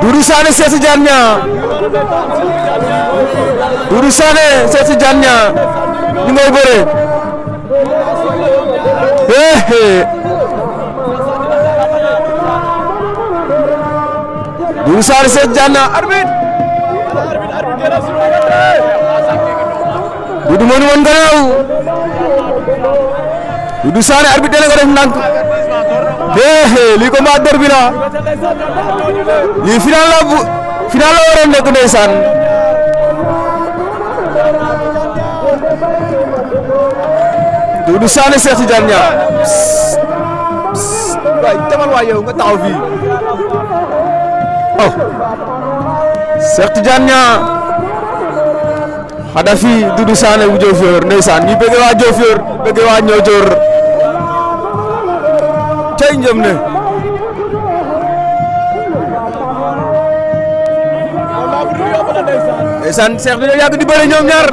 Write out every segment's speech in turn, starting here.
Doudou Sané Cheikh Tidiane Niang Doudou Sané Cheikh Tidiane Niang ñu ngay bëre eh, eh Doudou Sané Cheikh Tidiane Niang arbitre Doudou moo Doudou Sané arbitre dele ko def ndànk eh lii combat derby la lii final la final la waroon nekk ndeysaan Doudou Sané Cheikh Tidiane Niang waay demal waay yow nga taxaw fii oh Cheikh Tidiane Niang xada fi dudu Sané bu Diofior ndeysaan ñi bëgg waa Diofior bëgg wa ñoo jor tay ñëm ne ndeysaan Cheikh dina yag di bëlé ñoom ñaar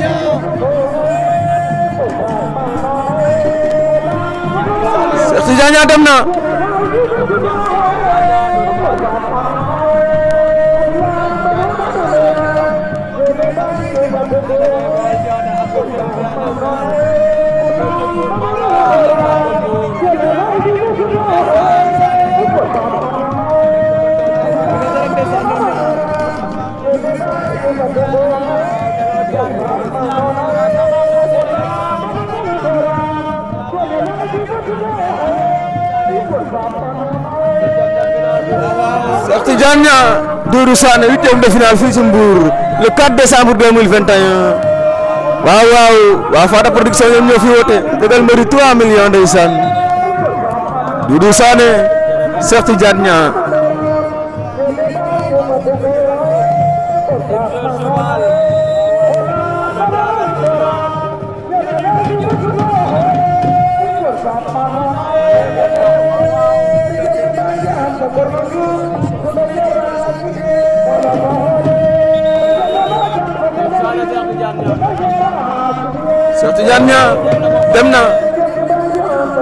Yeah. Tijaan Ñaa dem na Cheikh Tidiane Niang itu yang huitième de finale fii ci Mbour le 4 décembre 2021 waaw waaw waa Fada production ñoom ñoo fi woote tegal mbëri 3 millions Cheikh demna, Niang dem na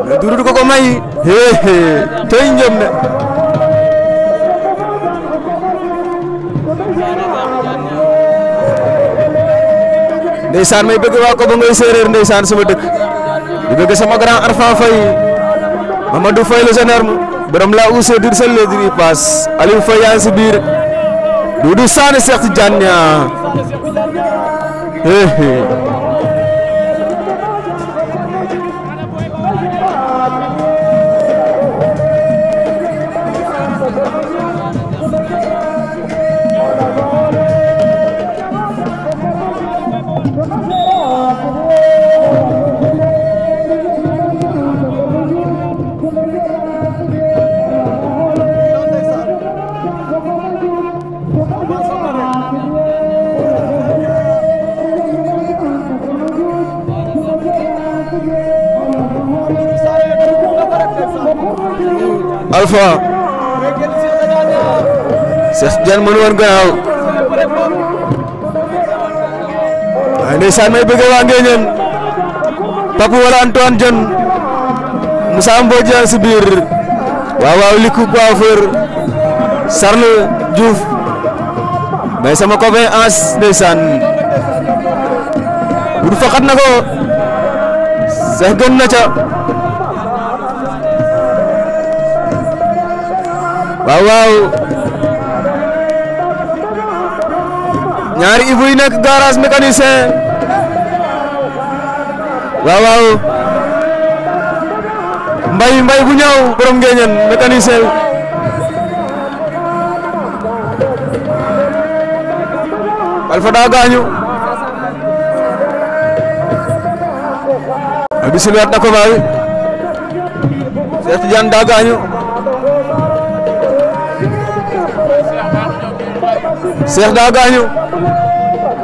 mais Doudou du ko ko may héhé tey njëm ne ndeysaan may bëgg waa ko ba ngay séeréer ndeysaan sama dëkk di bëgg sama grand Arfan Faye Mamadou le gendarme borom la ousé dir sa le dir pass aliou fayan ci bir doudou sane cheikh tidiane eh Come on, Alpha Cheikh Tidiane mënu woon gannaaw waaye ndeysaan may bëgg waa Ngeeñeen Pape wala Antoine Dione Moussa liku coiffeur Diouf may sama copain As ndeysaan bu nago. Cheikh gën na ca waaw waaw ñaari Ibou nekk garage mécanicien waaw waaw mbay mbay bu borom ngeen mécanicien Alpha daa gaañu bi sileet na ko waay Cheikh Tidiane daa gaañu Cheikh daa gaañu